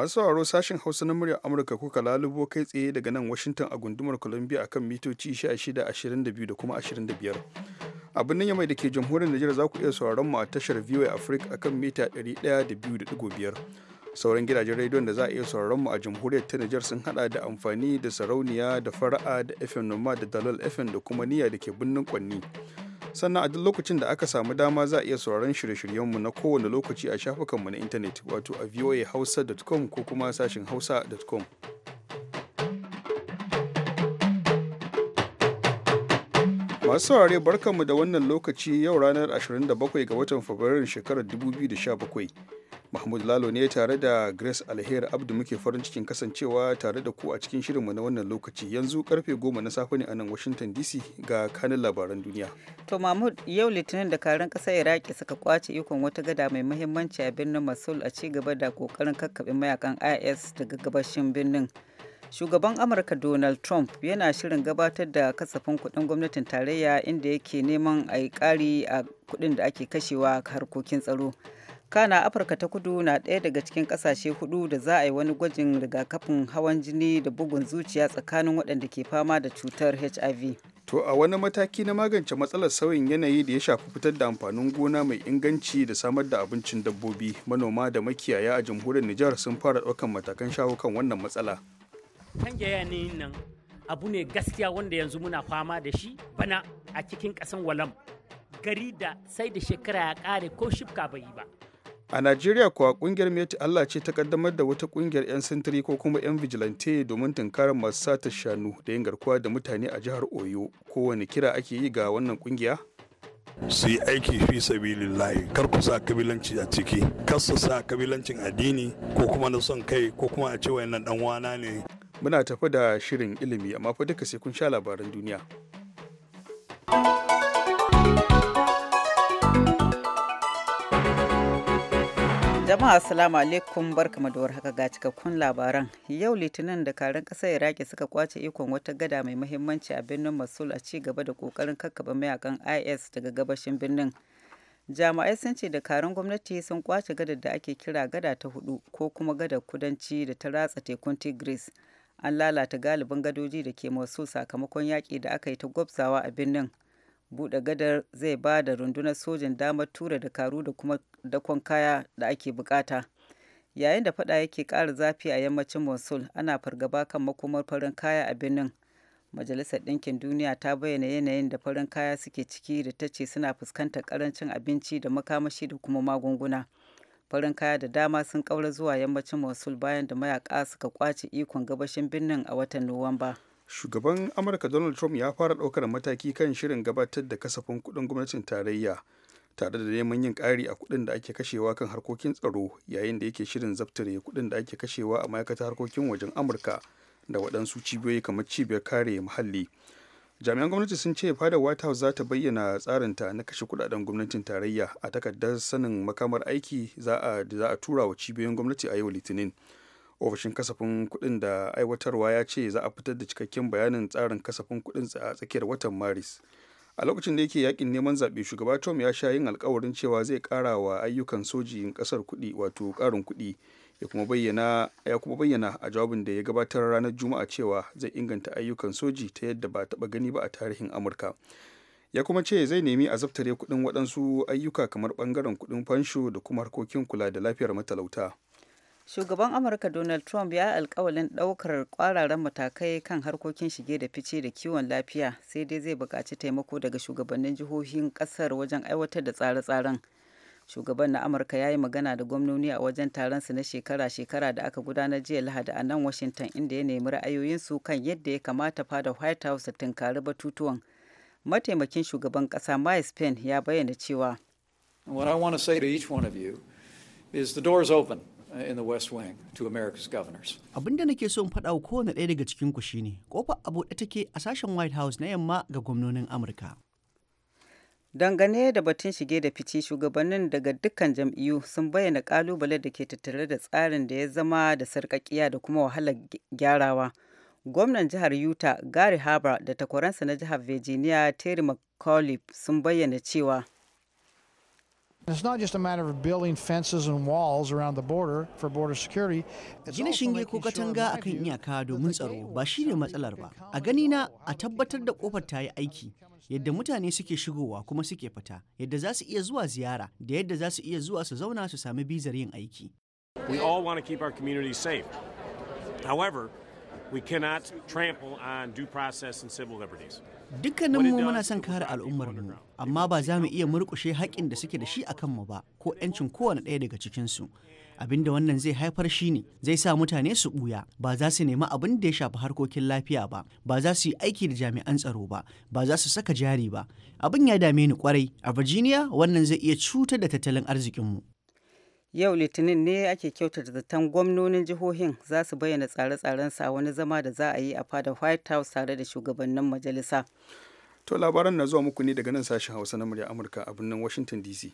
masu sauraro sashen hausa na muryar amurka kuka lalubo kai tsaye daga nan washington a gundumar columbia akan mitoci 16 22 da kuma 25 abin nan mai da ke jamhuriyar Najeriya za ku iya sauraron mu a tashar VOA Africa akan mita 102.5 sauran gidajen rediyon da za a iya sauraron mu a jamhuriyar ta Nijar sun hada da amfani da sarauniya da fara'a da FM Noma da Dalal FM da kuma niyya da ke birnin Kwanni sannan a duk lokacin da aka samu dama za a iya sauraron shirye-shiryenmu na kowane lokaci a shafukanmu na intanet wato a voahausa.com ko kuma sashin hausa.com masu saurare barkanmu da wannan lokaci yau ranar 27 ga watan fabrairun shekarar 2017 mahmud lalo ne tare da grace alheri abdu muke farin cikin kasancewa tare da ku a cikin shirinmu na wannan lokaci yanzu karfe 10 na safe ne a nan washington dc ga kanin labaran duniya to mahmud yau litinin da karan kasar iraki suka kwace ikon wata gada mai muhimmanci a birnin masul a ci gaba da kokarin kakkaɓe mayakan is daga gabashin birnin shugaban amurka donald trump yana shirin gabatar da kasafin kudin gwamnatin tarayya inda yake neman a yi kari a kudin da ake kashewa harkokin tsaro kana afirka ta kudu na ɗaya daga cikin ƙasashe hudu da za a yi wani gwajin rigakafin hawan jini da bugun zuciya tsakanin waɗanda ke fama da cutar hiv to a wani mataki na magance matsalar sauyin yanayi da ya shafi fitar da amfanin gona mai inganci da samar da abincin dabbobi manoma da makiyaya a jamhuriyar nijar sun fara ɗaukan matakan shawo kan wannan matsala canja yanayin nan abu ne gaskiya wanda yanzu muna fama da shi bana a cikin ƙasan walam gari da sai da shekara ya kare ko shifka bai yi ba a najeriya kuwa kungiyar meti allah ce ta kaddamar da wata kungiyar 'yan sintiri ko kuma 'yan vigilante domin tunkarar masu satar shanu da yin garkuwa da mutane a jihar oyo kowane kira ake yi ga wannan kungiya su aiki fi layi kar ku sa kabilanci a ciki kar su sa kabilancin addini ko kuma na son kai ko kuma a ce wayannan dan wana ne muna tafi da shirin ilimi amma fa duka sai kun sha labaran duniya jama'a assalamu alaikum kama da haka ga cikakkun labaran yau litinin da karin kasa iraki suka kwace ikon wata gada mai muhimmanci a birnin masul a ci gaba da kokarin kakkaba mayakan is daga gabashin birnin jama'ai sun ce da karin gwamnati sun kwace gadar da ake kira gada ta hudu ko kuma gada kudanci da ta ratsa tekun tigris an lalata galibin gadoji da ke mosul sakamakon yaƙi da aka yi ta gwabzawa a birnin buɗe gadar zai ba da rundunar sojin damar tura da karu da kuma dakon kaya da ake bukata yayin da faɗa yake ƙara zafi a yammacin mosul ana fargaba kan makomar farin kaya a birnin majalisar ɗinkin duniya ta bayyana yanayin da farin kaya suke ciki da ta ce suna fuskantar ƙarancin abinci da makamashi da kuma magunguna farin kaya da dama sun kaura zuwa yammacin mosul bayan da mayaka suka kwace ikon gabashin birnin a watan nuwamba shugaban amurka donald trump ya fara ɗaukar mataki kan shirin gabatar da kasafin kuɗin gwamnatin tarayya tare da neman yin ƙari a kuɗin da ake kashewa kan harkokin tsaro yayin da yake shirin zaftare kuɗin da ake kashewa a ma'aikatar harkokin wajen amurka da waɗansu cibiyoyi kamar cibiyar kare muhalli jami'an gwamnati sun ce fada white house za ta bayyana tsarinta na kashe kudaden gwamnatin tarayya a takardar sanin makamar aiki za a tura wa cibiyoyin gwamnati a yau litinin ofishin kasafin kudin da aiwatarwa ya ce za a fitar da cikakken bayanin tsarin kasafin kudin a tsakiyar watan maris a lokacin da yake yakin neman zaɓe shugaba tom ya sha yin alkawarin cewa zai ƙara wa ayyukan sojin kasar kuɗi wato karin kuɗi ya kuma bayyana ya kuma bayyana a jawabin da ya gabatar ranar juma'a cewa zai inganta ayyukan soji ta yadda ba taba gani ba a tarihin amurka ya kuma ce zai nemi a zaftare kuɗin waɗansu ayyuka kamar ɓangaren kuɗin fansho da kuma harkokin kula da lafiyar matalauta shugaban amurka donald trump ya yi alkawalin ɗaukar ƙwararren matakai kan harkokin shige da fice da kiwon lafiya sai dai zai buƙaci taimako daga shugabannin jihohin ƙasar wajen aiwatar da tsare-tsaren shugaban na amurka ya yi magana da gwamnoni a wajen taron su na shekara-shekara da aka gudanar jiya lahadi a nan washington inda ya nemi ra'ayoyinsu kan yadda ya kamata fada white house ta tunkari batutuwan mataimakin shugaban kasa mike spain ya bayyana cewa what i want to say to each one of you is the door is open uh, in the west wing to america's governors abin da nake so in faɗa wa kowane ɗaya daga cikin ku shine kofar abu take a sashen white house na yamma ga gwamnonin amurka Dangane da batun shige da fice shugabannin daga dukkan jam'iyyu sun bayyana kalubale da ke tattare da tsarin da ya zama da sarkakiya da kuma wahalar gyarawa. Gwamnan jihar Utah Gary harbour da takwaransa na jihar Virginia Terry mccullough sun bayyana cewa It's not just a matter of building fences and walls around the border for border security. Gina shinge ko katanga akan iyaka domin tsaro ba shine matsalar ba. A gani na a tabbatar da kofar ta yi aiki. yadda mutane suke shigowa kuma suke fita yadda za su iya zuwa ziyara da yadda za su iya zuwa su zauna su sami bizar yin aiki we all want to keep our community safe however we cannot trample on due process and civil liberties dukkaninmu muna son kare al'ummar mu amma ba za mu iya murƙushe haƙƙin da suke da shi a kanmu ba ko 'yancin kowane ɗaya daga cikinsu abin da wannan zai haifar shi ne zai sa mutane su buya ba za su nemi abin da ya shafi harkokin lafiya ba ba za su yi aiki da jami'an tsaro ba ba za su saka jari ba abin ya dame ni kwarai a virginia wannan zai iya cutar da tattalin arzikinmu yau litinin ne ake kyautata zaton gwamnonin jihohin za su bayyana tsare tsaren sa wani zama da za a yi a fadar white house tare da shugabannin majalisa to labaran na zuwa muku ne daga nan sashen hausa na murya amurka a birnin washington dc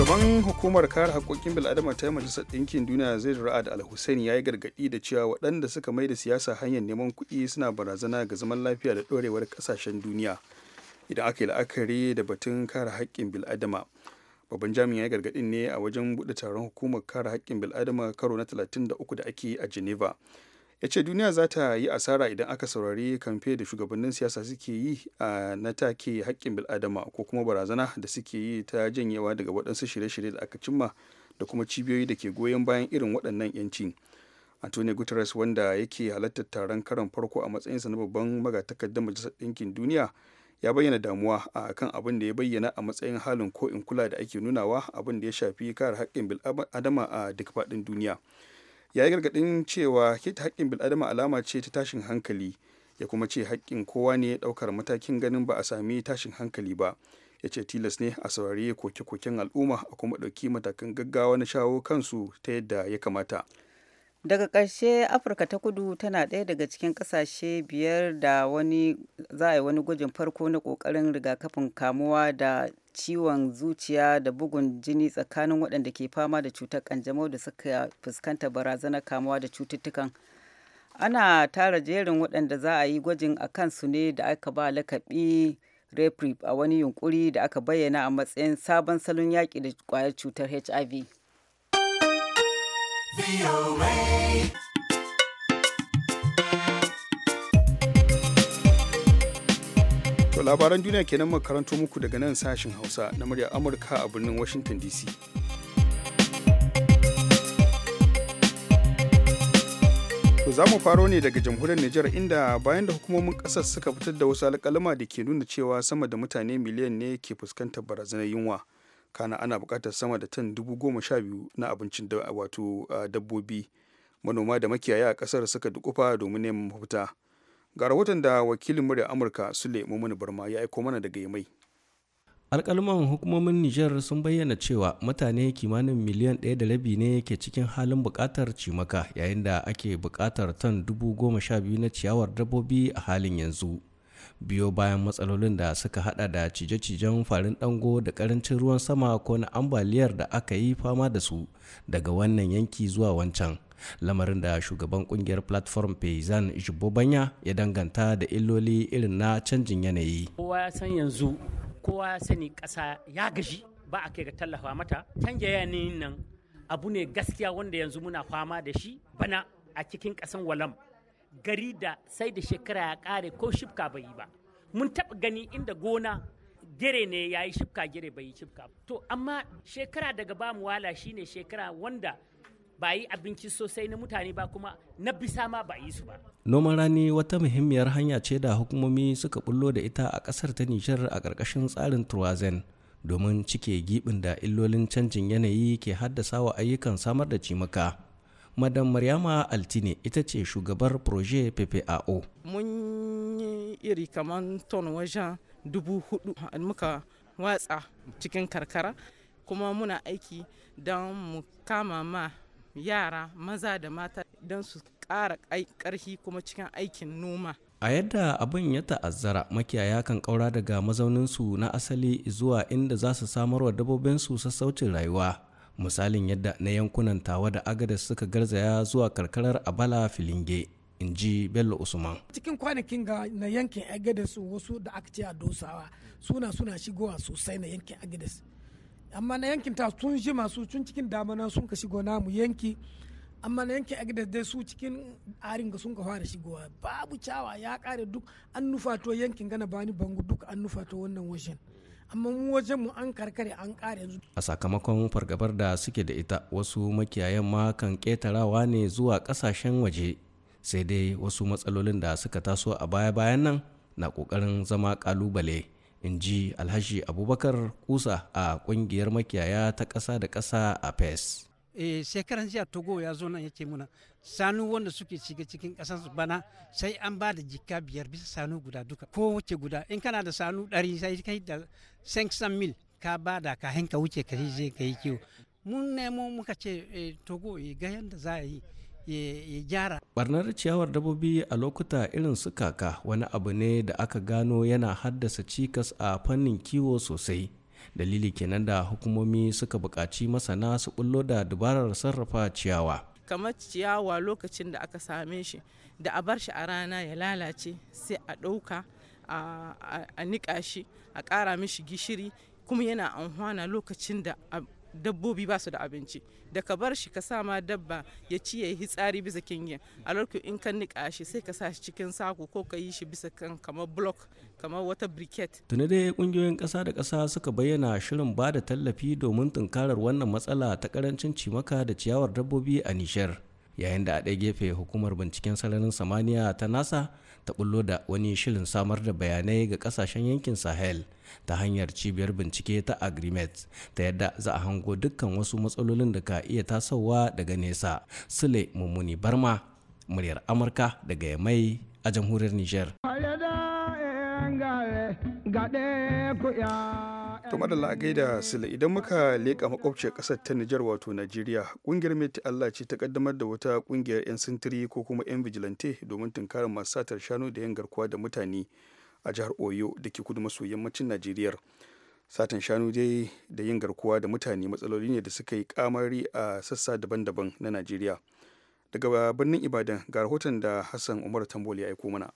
shugaban hukumar kare haƙƙoƙin bil'adama ta majalisar ɗinkin duniya zai ra'ad al-hussein ya yi gargaɗi da cewa waɗanda suka mai da siyasa hanyar neman kuɗi suna barazana ga zaman lafiya da ɗorewar ƙasashen duniya idan aka yi la'akari da batun kare haƙƙin bil'adama babban jami'in ya yi gargaɗin ne a wajen buɗe taron hukumar kare haƙƙin bil'adama karo na 33 da ake a geneva ya ce duniya za ta yi asara idan aka saurari kamfe da shugabannin siyasa suke yi a na take haƙƙin bil'adama ko kuma barazana da suke yi ta janyewa daga waɗansu shirye-shirye da aka cimma da kuma cibiyoyi da ke goyon bayan irin waɗannan 'yanci antonio guterres wanda yake halartar taron karon farko a matsayinsa na babban magatakardar majalisar ɗinkin duniya ya bayyana damuwa a kan abin da ya bayyana a matsayin halin ko in kula da ake nunawa abin da ya shafi kare haƙƙin bil'adama a duk faɗin duniya ya yi gargaɗin cewa keta haƙƙin bil'adama alama ce ta tashin hankali ya kuma ce haƙƙin kowa ne ya ɗaukar matakin ganin ba a sami tashin hankali ba ya ce tilas ne a saurari koke-koken al'umma a kuma ɗauki matakan gaggawa na shawo kansu ta yadda ya kamata daga ƙarshe afirka ta kudu tana ɗaya daga cikin ƙasashe biyar da wani za a yi wani gwajin farko na ƙoƙarin rigakafin kamuwa da ciwon zuciya da bugun jini tsakanin waɗanda ke fama da cutar kanjamau da suka fuskanta barazanar kamuwa da cututtukan ana tara jerin waɗanda za a yi gwajin a kansu ne da aka ba lakabi reprip a wani yunkuri da aka bayyana a matsayin sabon salon yaƙi da ƙwayar cutar hiv To labaran duniya kenan makaranto muku daga nan sashin Hausa na murya Amurka a birnin Washington DC. To za mu faro ne daga jamhuriyar Nijar inda bayan da hukumomin ƙasar suka fitar da wasu alƙaluma da ke nuna cewa sama da mutane miliyan ne ke fuskantar barazanar yunwa. kana ana bukatar sama da tan dubu goma sha biyu na abincin da wato dabbobi manoma da makiyaya a ƙasar suka dukufa domin neman mafita ga rahoton da wakilin murya amurka sule mumuni barma ya aiko mana daga yamai alkalman hukumomin niger sun bayyana cewa mutane kimanin miliyan ɗaya da rabi ne ke cikin halin bukatar cimaka yayin da ake bukatar tan dubu goma sha biyu na ciyawar dabbobi a halin yanzu biyo bayan matsalolin da suka hada da cije-cijen farin dango da karancin ruwan sama ko na ambaliyar da aka yi fama da su daga wannan yanki zuwa wancan lamarin da shugaban kungiyar platform paysan jibbo banya ya danganta da illoli irin na canjin yanayi kowa ya san yanzu kowa ya sani ƙasa ya gaji ba a kai ga tallafa mata canja yanayin nan abu ne gaskiya wanda yanzu muna fama da shi bana a cikin ƙasan walam gari da sai da shekara ya kare ko shifka bai yi ba mun taɓa gani inda gona gere ne ya yi shifka gere bai yi shifka to amma shekara daga ba mu wala shine shekara wanda ba yi abinci sosai na mutane ba kuma na bisa ma ba yi su ba. Noman rani wata muhimmiyar hanya ce da hukumomi suka bullo da ita a ƙasar ta Nijar a ƙarƙashin tsarin Turwazen domin cike giɓin da illolin canjin yanayi ke haddasa wa ayyukan samar da cimaka. madam maryama altine ita ce shugabar proje ppao mun yi iri kamar ton wajen dubu hudu muka watsa cikin karkara kuma muna aiki don mu kama ma yara maza da mata don su kara ƙarfi kuma cikin aikin noma a yadda abin ya ta'azzara makiyaya kan kaura daga mazauninsu na asali zuwa inda za su samar wa su sassaucin rayuwa misalin yadda na yankunan tawa da agada suka garzaya zuwa karkarar abala filinge in ji bello usman cikin kwanakin ga na yankin agadas wasu da aka ce a dosawa suna suna shigowa sosai na yankin agadas amma na yankin ta sun ji masu tun cikin damana sun ka shigo namu yanki amma na yankin agadas dai su cikin arin ga sun ka fara shigowa babu cawa ya kare duk an nufato yankin gana bani bangu duk an nufato wannan washin amma mu wajen mu an karkare an kare yanzu a sakamakon fargabar da suke da ita wasu makiyayan ma kan ketarawa ne zuwa kasashen waje sai dai wasu matsalolin da suka taso a baya-bayan nan na kokarin zama kalubale in ji alhaji abubakar kusa a kungiyar makiyaya ta kasa da kasa a pes Eh, shekaran jiya togo ya zo nan ya yake muna sanu wanda suke shiga cikin kasansu bana sai an ba da jika biyar bisa sanu guda duka ko wace guda in kana da sanu ɗari sai kai da 500 mil ka ba da ka hanka wuce ka je ka yi kiwo mun nemo muka ce eh, togo eh, ga yadda za a yi ya gyara. Barnar ciyawar dabobi a lokuta irin su kaka wani abu ne da aka gano yana haddasa cikas a fannin kiwo sosai dalili kenan da hukumomi suka buƙaci masana su bullo da dabarar sarrafa ciyawa kamar ciyawa lokacin da aka same shi da a bar shi a rana ya lalace sai a ɗauka a niƙa shi a ƙara mishi gishiri kuma yana anhwana lokacin da dabbobi ba su da abinci da ka bar shi ka sa ma dabba ya ci ya yi tsari bisa kingiya a lokacin in ka niƙa shi sai ka sa shi cikin sako ko ka yi shi bisa kan kamar block kamar wata briquette tuni dai kungiyoyin ƙasa da ƙasa suka bayyana shirin ba da tallafi domin tunkarar wannan matsala ta karancin cimaka da ciyawar dabbobi a nishar yayin da a ɗaya gefe hukumar binciken sararin samaniya ta nasa ta bullo da wani shirin samar da bayanai ga kasashen yankin sahel ta hanyar cibiyar bincike ta agrimet ta yadda za a hango dukkan wasu matsalolin da ka iya tasowa daga nesa sule mummuni barma muryar amurka daga mai a jamhuriyar niger to madalla a gaida sila idan muka leƙa makwabciyar ƙasar ta nijar wato najeriya ƙungiyar meti allah ce ta ƙaddamar da wata ƙungiyar 'yan sintiri ko kuma 'yan vigilante domin tunkarar masu satar shanu da yin garkuwa da mutane a jihar oyo da ke kudu maso yammacin najeriyar satan shanu dai da yin garkuwa da mutane matsaloli ne da suka yi kamari a sassa daban-daban na najeriya daga birnin ibadan ga rahoton da hassan umar tambol ya aiko mana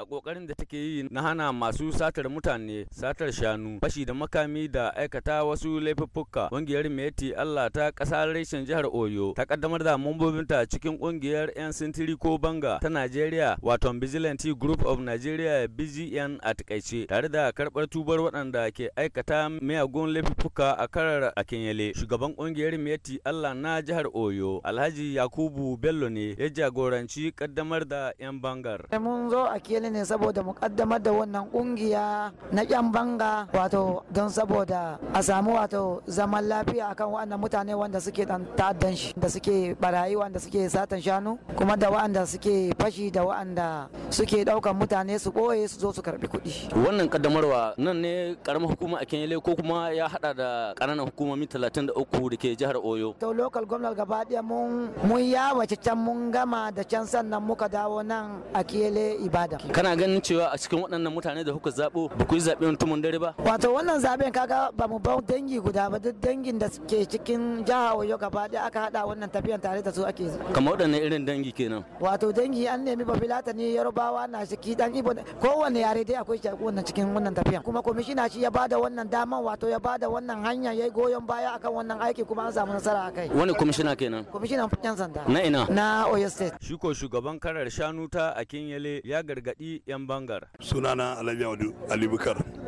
a kokarin da take yi na hana masu satar mutane satar shanu fashi da makami da aikata wasu laifuffuka ƙungiyar meti allah ta ƙasar reshen jihar oyo ta kaddamar da mambobinta cikin ƙungiyar yan sintiri ko banga ta najeriya wato vigilante group of nigeria bgn a takaice tare da karbar tubar waɗanda ke aikata miyagun laifuffuka a karar a kenyale shugaban ƙungiyar meti allah na jihar oyo alhaji yakubu bello ne ya jagoranci kaddamar da yan bangar mun zo a ne saboda mu kaddamar da wannan kungiya na yan banga wato don saboda a samu wato zaman lafiya akan waɗannan mutane wanda suke dan ta'addan shi da suke barayi wanda suke satan shanu kuma da waɗanda suke fashi da waɗanda suke ɗaukan mutane su ɓoye su zo su karɓi kuɗi. Wannan kaddamarwa nan ne karamar hukuma a Kenyele ko kuma ya haɗa da ƙananan hukumomi 33 da ke jihar Oyo. To local gwamnati gaba ɗaya mun mun yawace can mun gama da can sannan muka dawo nan a Kele Ibadan. kana ganin cewa a cikin waɗannan mutane da kuka zaɓo ba ku yi zaɓen tumun dare ba wato wannan zaɓen kaga ba mu bau dangi guda ba duk dangin da ke cikin jiha Oyo gaba ɗaya aka haɗa wannan tafiyan tare da su ake kamar waɗanne irin dangi kenan wato dangi an nemi bafilata ne yarubawa na shiki dan ibo kowanne yare dai akwai shi wannan cikin wannan tafiyan kuma komishina shi ya bada wannan daman wato ya bada wannan hanya ya goyon baya akan wannan aiki kuma an samu nasara akai wani komishina kenan komishina yan sanda na ina na Oyo state shi ko shugaban karar shanu ta Akinyele ya gargaɗi 'yan bangar. Sunana Alhaji Audu Ali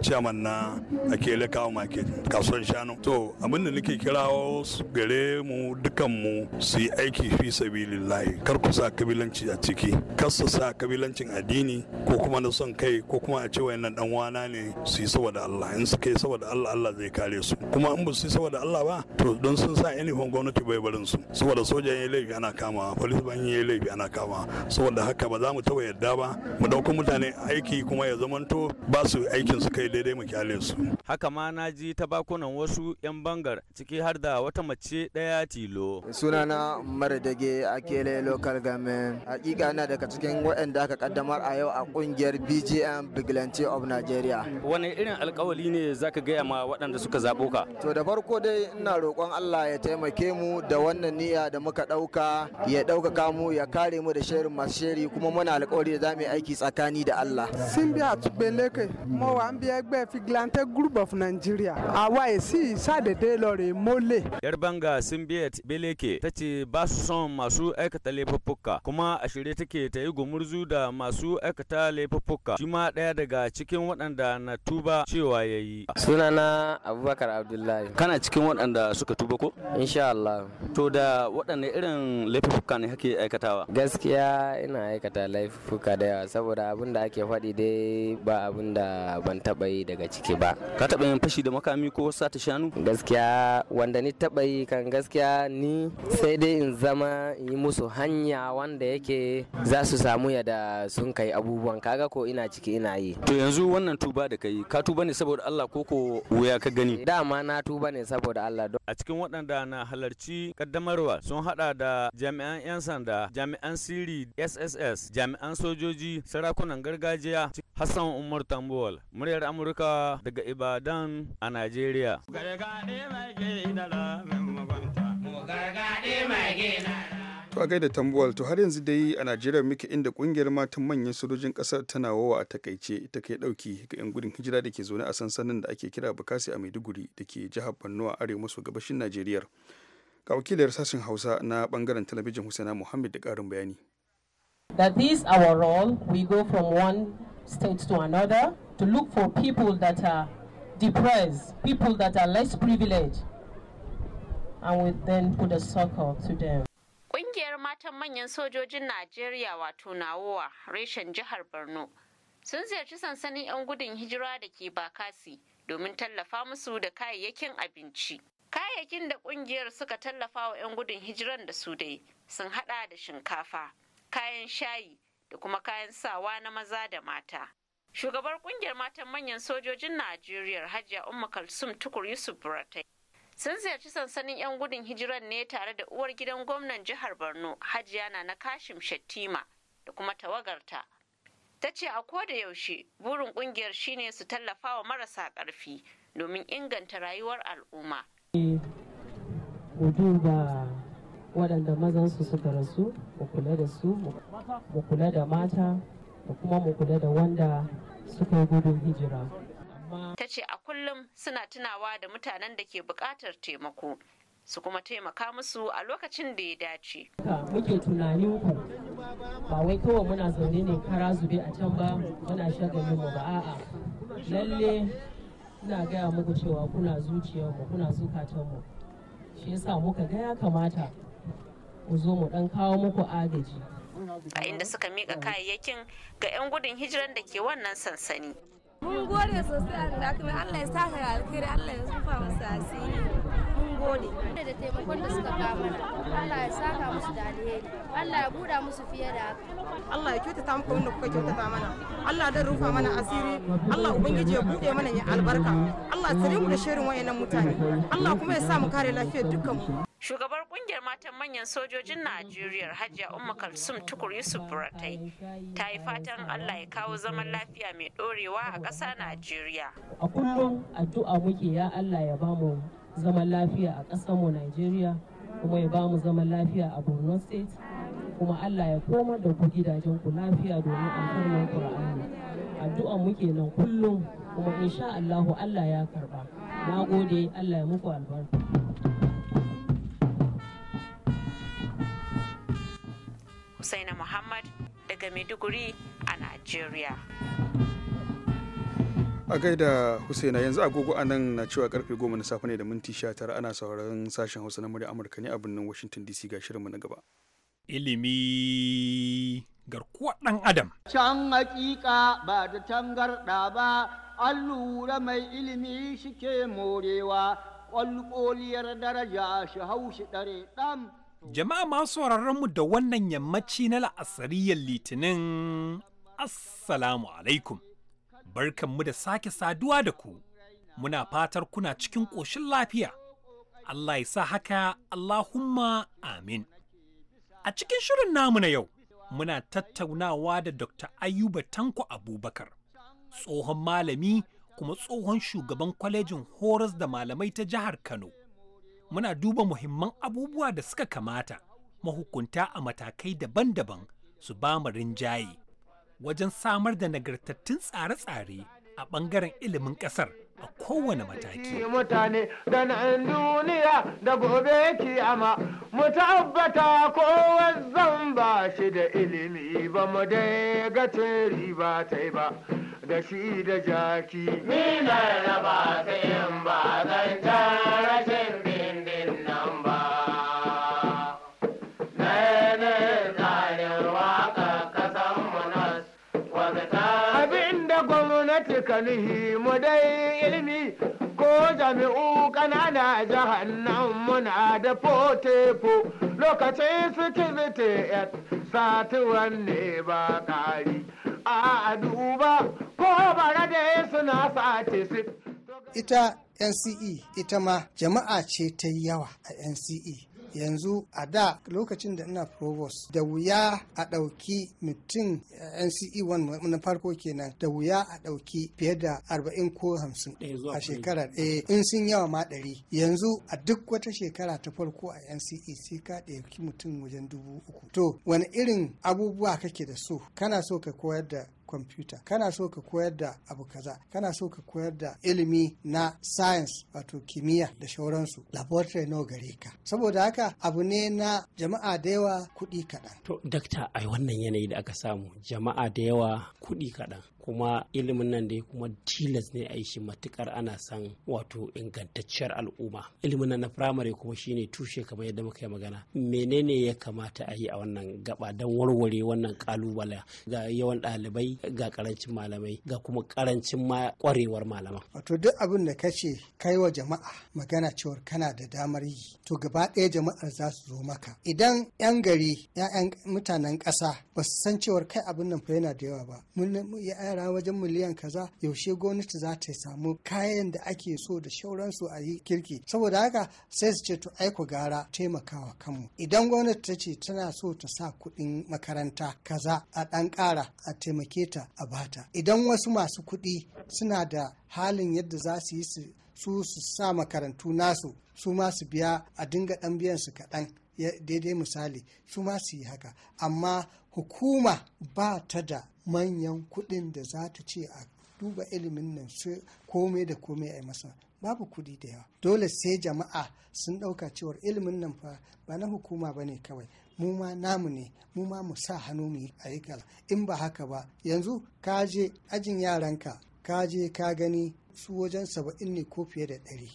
chairman na Akele Kawo Market, kasuwar shanu. To, abinda nake kirawo gare mu dukan mu su yi aiki fi sabilillahi. Kar ku sa kabilanci a ciki. Kar su sa kabilancin addini ko kuma na son kai ko kuma a ce wayannan dan wana ne su yi saboda Allah. In su kai saboda Allah Allah zai kare su. Kuma in ba su yi saboda Allah ba, to don sun sa uniform gwamnati bai barin su. Saboda sojan ya laifi ana kama, police ban yi laifi ana kama. Saboda haka ba za mu taba yarda ba mu ɗauko mutane aiki kuma ya zamanto ba su aikin su kai daidai mu kyale su. Haka ma na ji ta bakunan wasu 'yan bangar ciki har da wata mace ɗaya tilo. Sunana Mara Akele Local Government. Hakika na daga cikin waɗanda aka kaddamar a yau a ƙungiyar BGM Vigilante of Nigeria. Wani irin alkawali ne zaka gaya ma waɗanda suka zaɓo ka? To da farko dai ina roƙon Allah ya taimake mu da wannan niyya da muka ɗauka ya ɗaukaka mu ya kare mu da shirin masu shiri kuma muna alkawari da za mu yi aiki tsakanin tsakani da Allah. Simbiya Tubeleke, mo an biya gbe fi Figlante Group of Nigeria, si sa sàdédé lọ lori mole. Yar banga Simbiya Tubeleke ta ce ba su son masu aikata laifuffuka kuma a shirye take ta yi gumurzu da masu aikata laifuffuka. Shi ma ɗaya daga cikin waɗanda na tuba cewa ya yi. Sunana Abubakar Abdullahi. Kana cikin waɗanda suka tuba ko? Insha Allah. To da waɗanne irin laifuffuka ne kake aikatawa? Gaskiya ina aikata laifuffuka da yawa saboda da abin da ake faɗi dai ba abin da ban taɓa yi daga ciki ba ka taɓa yin fashi da makami ko sata shanu gaskiya wanda ni taɓa yi kan gaskiya ni sai dai in zama in yi musu hanya wanda yake za su samu yadda sun kai abubuwan kaga ko ina ciki ina yi to yanzu wannan tuba da kai ka tuba ne saboda Allah ko ko wuya ka gani dama na tuba ne saboda Allah a cikin waɗanda na halarci kaddamarwa sun haɗa da jami'an 'yan sanda jami'an siri sss jami'an sojoji sarakuna sarakunan gargajiya Hassan Umar Tambuwal, muryar Amurka daga Ibadan a Najeriya. To a gaida tambuwal to har yanzu dai a Najeriya muke inda kungiyar matan manyan sojojin kasar tana wawa a takaice ita kai dauki ga 'yan gudun hijira da ke zaune a sansanin da ake kira Bukasi a Maiduguri da ke jihar Borno a arewa maso gabashin Najeriya. Ga wakilar sashen Hausa na bangaren talabijin Husaina Muhammad da karin bayani. that this our role. We go from one state to another to look for people that are depressed, people that are less privileged, and we then put a circle to them. Ƙungiyar matan manyan sojojin Najeriya wato Nawowa reshen jihar Borno sun ziyarci sansanin 'yan gudun hijira da ke Bakasi domin tallafa musu da kayayyakin abinci. Kayayyakin da ƙungiyar suka tallafa wa 'yan gudun hijiran da su dai sun hada da shinkafa, kayan shayi da kuma kayan sawa na maza da mata. Shugabar kungiyar matan manyan sojojin Najeriya Hajiya Umma Kalsum Tukur Yusuf Buratai sun ziyarci sansanin 'yan gudun hijiran ne tare da uwar gidan gwamnan jihar Borno Hajiya na na Kashim Shattima da kuma tawagarta. Ta ce a da yaushe burin kungiyar shine su tallafa wa marasa ƙarfi domin inganta rayuwar al'umma. waɗanda mazansu suka rasu mu kula da su mu kula da mata da kuma mu kula da wanda suka yi gudun hijira ta ce a kullum suna tunawa da mutanen da ke buƙatar taimako su kuma taimaka musu a lokacin da ya dace. muke tunanin ku ba wai kawai muna zaune ne kara zube a can ba muna shagalin mu ba a'a lalle ina gaya muku cewa kuna zuciyarmu kuna zukatanmu shi yasa muka ga ya kamata mu zo mu dan kawo muku agaji a inda suka mika kayayyakin ga 'yan gudun hijiran da ke wannan sansani mun gode sosai a kuma allah ya saka ga alkhairi allah ya zufa masu asiri mun gode da taimakon da suka kama allah ya saka musu da alheri allah ya buɗa musu fiye da haka allah ya kyautata muku wanda kuka kyautata mana allah dan rufa mana asiri allah ubangiji ya buɗe mana ya albarka allah tsare mu da shirin wayannan mutane allah kuma ya sa mu kare lafiyar dukkanmu shugabar kungiyar matan manyan sojojin najeriya hajiya umma kalsum tukur yusuf buratai ta yi fatan allah ya kawo zaman lafiya mai dorewa a ƙasa najeriya a kullum addu'a muke ya allah ya bamu zaman lafiya a ƙasarmu najeriya kuma ya bamu zaman lafiya a borno state kuma allah ya komar da ku gidajen ku lafiya domin amfanin qur'ani addu'a muke nan kullum kuma insha allahu allah ya karba na gode allah ya muku albarka Usaina Muhammad daga Maiduguri a Najeriya. A gaida Husaina yanzu agogo a nan na cewa karfe goma na safe ne da minti 19 ana sauran sashen Hausa na murya Amurka ne a birnin Washington DC ga shirinmu na gaba. Ilimi garkuwa ɗan Adam. Can hakika ba da tangarɗa ba, an lura mai ilimi shike morewa, ƙwalƙoliyar daraja shi haushi ɗare ɗan. Jama'a masu mu da wannan yammaci na la'asariyar litinin Assalamu alaikum. Barkanmu da sake saduwa da ku, muna fatar kuna cikin ƙoshin lafiya. Allah ya sa haka Allahumma amin. A cikin shirin namu na yau, muna tattaunawa da Dr. Ayuba Tanko Abubakar, tsohon malami kuma tsohon shugaban kwalejin horas da malamai ta jihar Kano. muna duba muhimman abubuwa da suka kamata mahukunta a matakai daban-daban su ba mu rinjaye wajen samar da nagartattun tsare-tsare a ɓangaren ilimin ƙasar a kowane mataki. mutane da nan duniya da gobe kiyama mu tabbata kowar zan ba shi da ilimi ba mu dai ga ba ta ba da shi da jaki. ni na raba ta yin ba zan jami'u ƙanana jahannan muna da potepo lokacin sikiriti yan satuwan ne ba kari a duba ko bara da suna sati ita nce ita ma jama'a ce ta yawa a nce yanzu a da lokacin da ina provost da wuya a ɗauki mutum eh, nce 1 na farko kenan da wuya a ɗauki fiye da 40 ko 50 a shekara ɗaya eh, in sun yawa ma ɗari yanzu a duk wata shekara ta farko a nce sai ka ɗauki mutum wajen dubu uku to wani irin abubuwa kake da so kana so ka koyar da kwamfuta kana so ka koyar da abu kaza kana so ka koyar da ilimi na science wato kimiyya da shauransu laboratory nawa gare ka saboda haka abu ne na jama'a da yawa kuɗi kaɗan to dakta ai wannan yanayi da aka samu jama'a da yawa kuɗi kaɗan kuma ilimin nan dai kuma tilas ne a shi matukar ana san wato ingantacciyar al'umma ilimin nan na firamare kuma shine tushe kamar yadda muka yi magana menene ya kamata a yi a wannan gaba don warware wannan kalubale ga yawan ɗalibai ga karancin malamai ga kuma karancin ma kwarewar malaman wato duk abin da kace kai wa jama'a magana cewar kana da damar yi to gaba ɗaya jama'ar za su zo maka idan 'yan gari ya 'ya'yan mutanen ƙasa ba su san cewar kai abin nan fa yana da yawa ba yara wajen miliyan kaza yaushe gwamnati za ta samu kayan da ake so da shauransu a yi kirki saboda haka sai su ce to aiko gara taimakawa kanmu idan gwamnati ta ce tana so ta sa kuɗin makaranta kaza a ɗan ƙara a taimake ta a bata idan wasu masu kuɗi suna da halin yadda za su yi su su sa makarantu nasu su ma su biya a dinga ɗan biyan su kaɗan daidai misali su ma su yi haka amma hukuma ba ta da manyan kuɗin da za ta ce a duba ilimin nan sai komai da komai a yi masa babu kuɗi da yawa dole sai jama'a sun ɗauka cewar ilimin nan fa ba na hukuma ba ne kawai mu ma namu ne mu ma mu sa hannu mu yi in ba haka ba yanzu ka je ajin yaranka ka je ka gani su wajen saba'in ne ko fiye da ɗari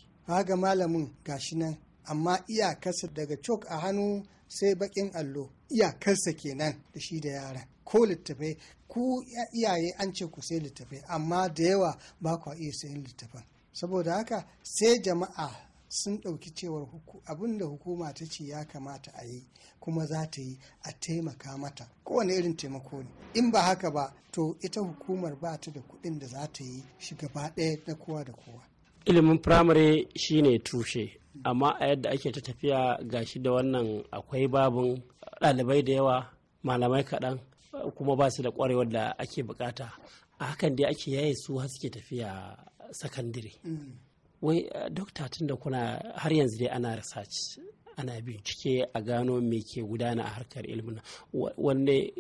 ga malamin gashi nan amma iyakarsa daga cok a hannu sai baƙin allo iyakarsa kenan da shi da yaran ko littafai ku iyaye an ce ku sai littafai amma da yawa ba ku iya sayan littafan saboda haka sai jama'a sun ɗauki cewar abin da hukuma ta ce ya kamata a yi kuma za ta yi a taimaka mata kowane irin taimako ne in ba haka ba to ita hukumar ba ta da kuɗin da za ta yi shi gaba ɗaya na kowa da kowa ilimin firamare shine tushe amma a yadda ake ta tafiya gashi da wannan akwai babin ɗalibai da yawa malamai kaɗan kuma ba su da kwarewar da ake bukata a hakan dai ake yaye su har suke tafiya sakandire wai eh, dokta tun da kuna har yanzu dai ana research ana bincike a gano me ke gudana a harkar ilmin wanne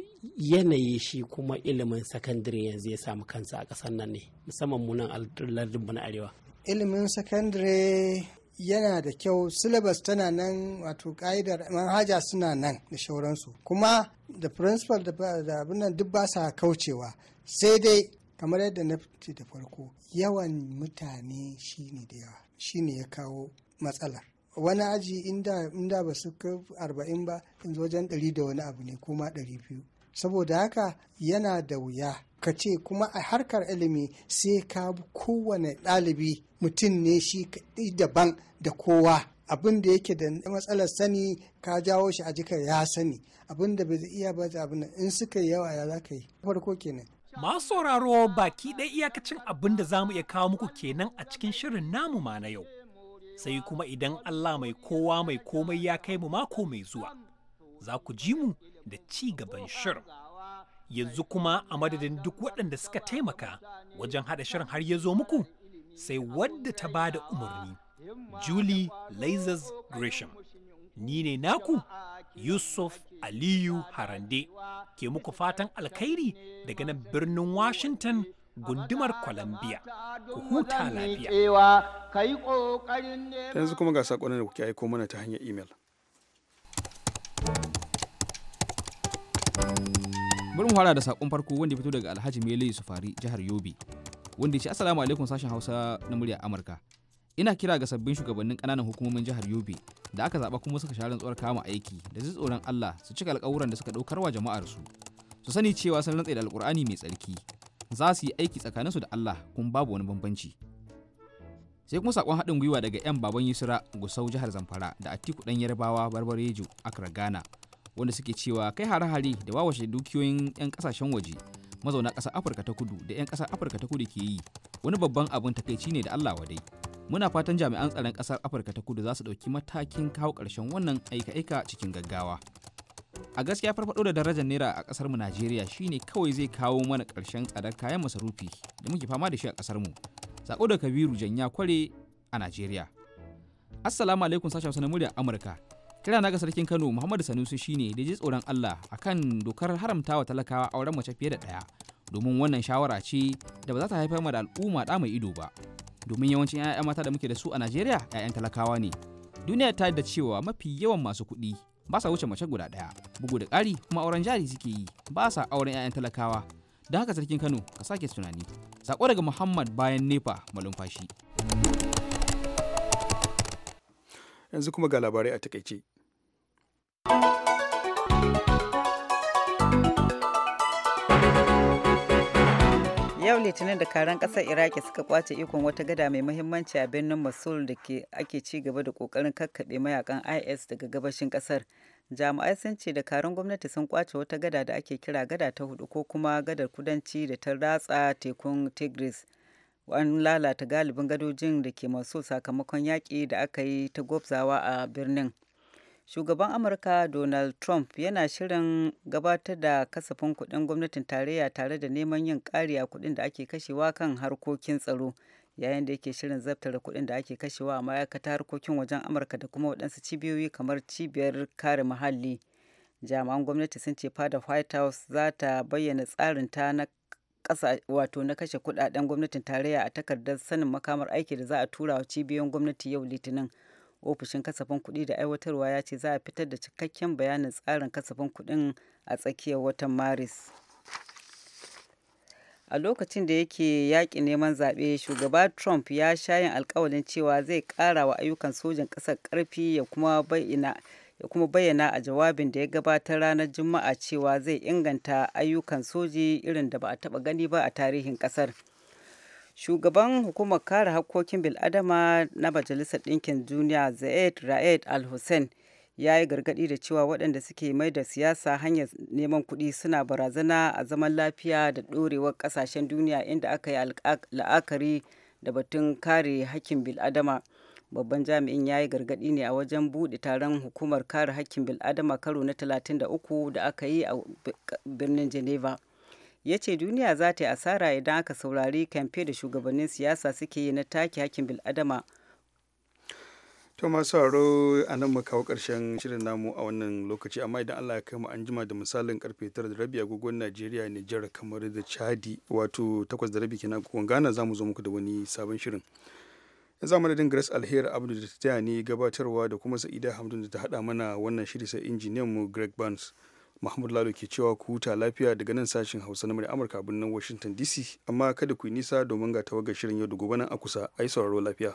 yanayi shi kuma ilimin sakandare yanzu ya samu kansa a ƙasar nan ne musamman munan lardin na arewa ilimin sakandare yana da kyau syllabus tana nan wato ka'idar manhaja suna nan da shauransu kuma da principal da abin duk ba sa kaucewa sai dai kamar yadda na ce da farko yawan mutane shine da yawa shine ya kawo matsalar wani aji inda inda ba su ka arba'in ba yanzu wajen ɗari da wani abu ne kuma ɗari biyu saboda haka yana da wuya ka ce kuma a harkar ilimi sai ka kowane ɗalibi mutum ne shi kaɗi daban da kowa abin da yake da matsalar sani ka jawo shi a jika ya sani abin da bai iya ba abin in suka yi yawa ya za ka yi farko kenan Masu sauraro baki ɗaya iyakacin abin da za mu iya kawo muku kenan a cikin shirin namu ma na yau. Sai kuma idan Allah mai kowa mai komai ya kai mu mako mai zuwa, za ku ji mu da ci gaban shirin. yanzu kuma a madadin duk waɗanda suka taimaka wajen haɗa shirin har ya zo muku sai wadda ta ba da umarni julie lazars gresham ni ne naku yusuf aliyu harande ke muku fatan alkhairi daga nan birnin washington gundumar columbia ku huta lafiya yanzu kuma ga saƙonin da kuke aiko mana ta hanyar imel. bari mu fara da sakon farko wanda ya fito daga alhaji mele sufari jihar yobe wanda ce assalamu alaikum sashen hausa na murya amurka ina kira ga sabbin shugabannin kananan hukumomin jihar yobe da aka zaba kuma suka share tsohuwar kama aiki da su tsoron allah su cika alƙawuran da suka daukar wa jama'ar su su sani cewa sun rantsa da alkur'ani mai tsarki za su yi aiki tsakanin su da allah kuma babu wani bambanci sai kuma sakon haɗin gwiwa daga 'yan baban yusra gusau jihar zamfara da atiku ɗan yarbawa barbarejo akra ghana wanda suke cewa kai hare hari da wawashe dukiyoyin 'yan kasashen waje mazauna ƙasar afirka ta kudu da 'yan ƙasar afirka ta kudu ke yi wani babban abin takaici ne da allah wadai muna fatan jami'an tsaron ƙasar afirka ta kudu za su ɗauki matakin kawo ƙarshen wannan aika-aika cikin gaggawa a gaskiya farfaɗo da darajar naira a ƙasar mu najeriya shine kawai zai kawo mana ƙarshen tsadar kayan masarufi da muke fama da shi a ƙasar mu sako da kabiru janya kware a najeriya assalamu alaikum sashen sanar murya amurka kira na ga sarkin kano muhammadu sanusi shine da ji tsoron allah akan dokar haramtawa talakawa auren mace fiye da daya domin wannan shawara ce da ba za ta haifar ma da al'umma da mai ido ba domin yawancin 'ya'ya mata da muke da su a najeriya 'ya'yan talakawa ne duniya ta da cewa mafi yawan masu kuɗi ba sa wuce mace guda daya bugu da ƙari kuma auren jari suke yi ba sa auren 'ya'yan talakawa don haka sarkin kano ka sake tunani sako daga muhammad bayan nefa malumfashi yanzu kuma ga labarai a takaice yau litinin da karan kasar iraki suka kwace ikon wata gada mai muhimmanci a birnin mosul da ake ci gaba da kokarin kakkaɓe mayakan is daga gabashin kasar jami'ai sun ce da karan gwamnati sun kwace wata gada da ake kira gada ta hudu ko kuma gadar kudanci da ta ratsa tekun tigris an lalata galibin gadojin da ke mosul sakamakon yaƙi da aka yi ta gwabzawa a birnin shugaban amurka donald trump yana shirin gabatar da kasafin kudin gwamnatin tarayya tare da neman yin ƙari a kudin da ake kashewa kan harkokin tsaro yayin da yake shirin zartar kudin da ake kashewa a ma'aikata harkokin wajen amurka da kuma waɗansu cibiyoyi kamar cibiyar kare muhalli jami'an gwamnati sun ce fada white house za ta bayyana tsarin ta na kasa wato na kashe kudaden gwamnatin tarayya a takardar sanin makamar aiki da za a tura wa cibiyoyin gwamnati yau litinin ofishin kasafin kuɗi da aiwatarwa ya ce za a fitar da cikakken bayanin tsarin kasafin kuɗin a tsakiyar watan maris a lokacin da yake yaƙi neman zaɓe shugaba trump ya sha yin alkawalin cewa zai ƙara wa ayyukan sojin ƙasar ƙarfi ya kuma bayyana ya kuma bayyana a jawabin da ya gabatar ranar juma'a cewa zai inganta ayyukan soji irin da ba a taɓa gani ba a tarihin ƙasar. shugaban hukumar kare hakkokin bil'adama na majalisar ɗinkin duniya zaid ra'ed al hussein ya yi gargaɗi da cewa waɗanda suke mai da siyasa hanyar neman kuɗi suna barazana a zaman lafiya da ɗorewar ƙasashen duniya inda aka yi la'akari da batun kare hakkin bil'adama babban jami'in ya yi gargaɗi ne a wajen buɗe taron hukumar kare hakkin bil'adama karo na 33 da aka yi a birnin geneva ya ce duniya za ta yi asara idan aka saurari kamfe da shugabannin siyasa suke yi na take hakkin bil'adama to masu a nan mu kawo ƙarshen shirin namu a wannan lokaci amma idan allah ya kai mu an jima da misalin karfe tara da rabi agogon najeriya Niger kamar da chadi wato takwas da rabi kenan kogon ghana za mu zo muku da wani sabon shirin yanzu a madadin grace alheri abdu da ta ne gabatarwa da kuma sa'ida hamdun da ta haɗa mana wannan shiri sai injiniyan mu greg barnes Mahmud Lalo ke cewa ku huta lafiya daga nan sashen Hausa na murya Amurka birnin Washington DC amma kada ku yi nisa domin ga tawagar shirin yau da gobe nan a kusa a yi sauraro lafiya.